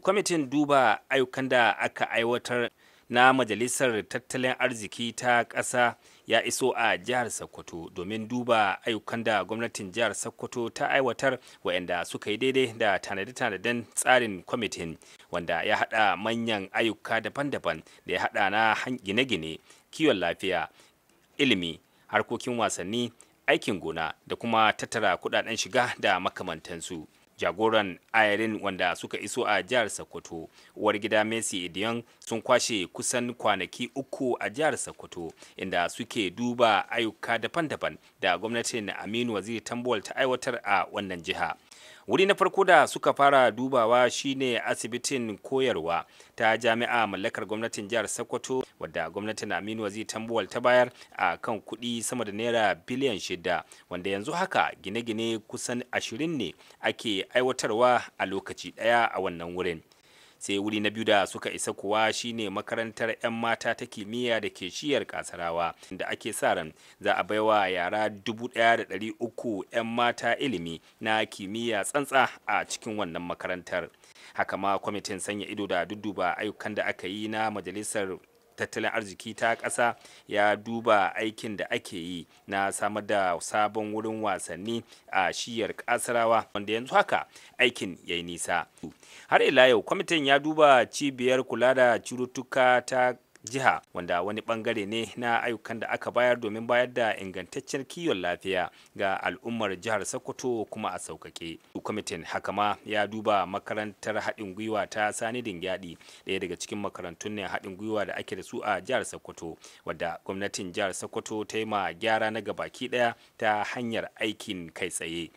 kwamitin duba ayyukan da aka aiwatar na majalisar tattalin arziki ta ƙasa ya iso a jihar sokoto domin duba ayyukan da gwamnatin jihar sokoto ta aiwatar waɗanda suka yi daidai da tanade-tanaden tsarin kwamitin wanda ya haɗa manyan ayyuka daban-daban da ya haɗa na gine-gine kiwon lafiya ilimi harkokin wasanni aikin gona da kuma tattara kudaden shiga da makamantansu. jagoran ayarin wanda suka iso a jihar sokoto uwar gida messi idiyan sun kwashe kusan kwanaki uku a jihar sokoto inda suke duba ayyuka daban-daban da gwamnatin aminu waziri tambuwal ta aiwatar a wannan jiha wuri na farko da suka fara dubawa shine asibitin koyarwa ta jami'a mallakar gwamnatin jihar sokoto wadda gwamnatin aminu wazi tambuwal ta bayar a kan kuɗi sama da naira biliyan shida wanda yanzu haka gine-gine kusan ashirin ne ake aiwatarwa a lokaci ɗaya a wannan wurin sai wuri na biyu da suka isa kuwa shine makarantar 'yan mata ta kimiyya da ke shiyar kasarawa da ake sa ran za a baiwa yara 1,300 'yan mata ilimi na kimiyya tsantsa a cikin wannan makarantar haka ma kwamitin sanya ido da dudduba ayyukan da aka yi na majalisar tattalin arziki ta ƙasa ya duba aikin da ake yi na samar da sabon wurin wasanni a shiyar ƙasarawa wanda yanzu haka aikin ya yi nisa har ila yau kwamitin ya duba cibiyar kula da cututtuka ta jiha wanda wani bangare ne na ayyukan da aka bayar domin bayar da ingantaccen kiwon lafiya ga al'ummar jihar sokoto kuma a sauƙaƙe kwamitin haka ma ya duba makarantar haɗin gwiwa ta sani gyaɗi ɗaya daga cikin makarantun ne haɗin gwiwa da ake da su a jihar sokoto wadda gwamnatin jihar sokoto ta yi ma gyara na gabaki ɗaya ta hanyar aikin kai tsaye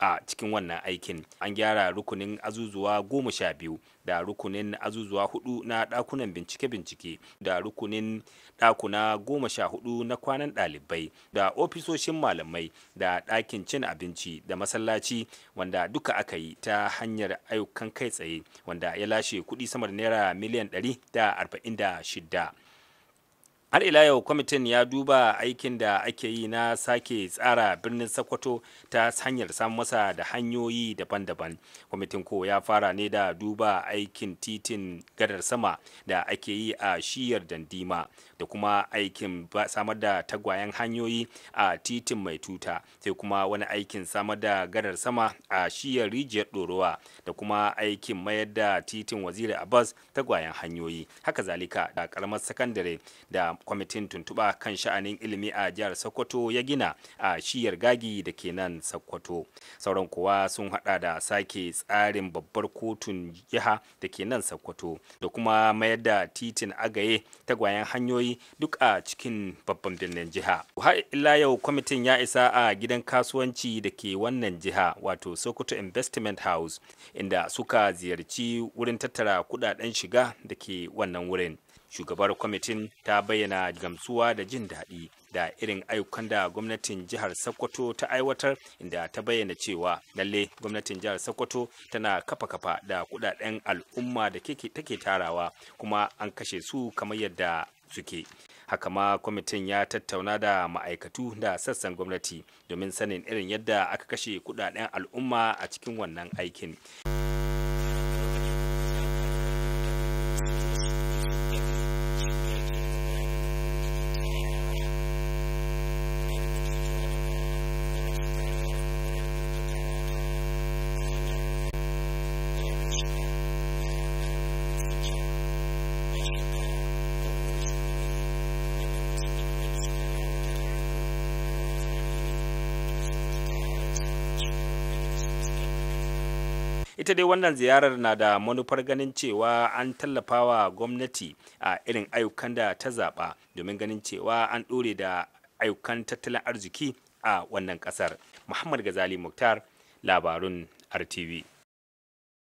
a cikin wannan aikin an gyara rukunin azuzuwa goma sha biyu da rukunin azuzuwa hudu na dakunan bincike-bincike da rukunin dakuna goma sha hudu na kwanan dalibai da ofisoshin malamai da dakin cin abinci da masallaci wanda duka aka yi ta hanyar ayyukan kai tsaye wanda ya lashe kuɗi samar naira miliyan da 146 har ila yau kwamitin ya duba aikin da ake yi na sake tsara birnin sokoto ta hanyar samun masa da hanyoyi daban-daban kwamitin ko ya fara ne da duba aikin titin gadar sama da ake yi a shiyar dandima da kuma aikin samar da tagwayen hanyoyi a titin mai tuta sai kuma wani aikin samar da gadar sama a shiyar rijiyar ɗorowa da kuma aikin mayar da titin waziri abbas tagwayen hanyoyi haka zalika da karamar sakandare da kwamitin tuntuɓa kan sha'anin ilimi a jihar sokoto ya gina a shiyar gagi da ke nan sokoto sauran kuwa sun haɗa da sake tsarin babbar kotun jiha da ke nan sokoto da kuma mayar da titin agaye tagwayen hanyoyi duk a cikin babban birnin jiha har illa yau kwamitin ya isa a gidan kasuwanci da ke wannan jiha wato sokoto investment house inda suka ziyarci wurin tattara kudaden shiga da ke wannan wurin shugabar kwamitin ta bayyana gamsuwa da jin daɗi da irin ayyukan da gwamnatin jihar sokoto ta aiwatar inda ta bayyana cewa lalle gwamnatin jihar sokoto tana kafa kafa da kudaden al'umma da take tarawa kuma an kashe su kamar yadda suke haka ma kwamitin ya tattauna da ma'aikatu da sassan gwamnati domin sanin irin yadda aka kashe kudaden al'umma a cikin wannan aikin. ita dai wannan ziyarar na da manufar ganin cewa an tallafawa gwamnati a irin ayyukan da ta zaɓa domin ganin cewa an ɗore da ayyukan tattalin arziki a wannan ƙasar muhammad gazali muktar labarun rtv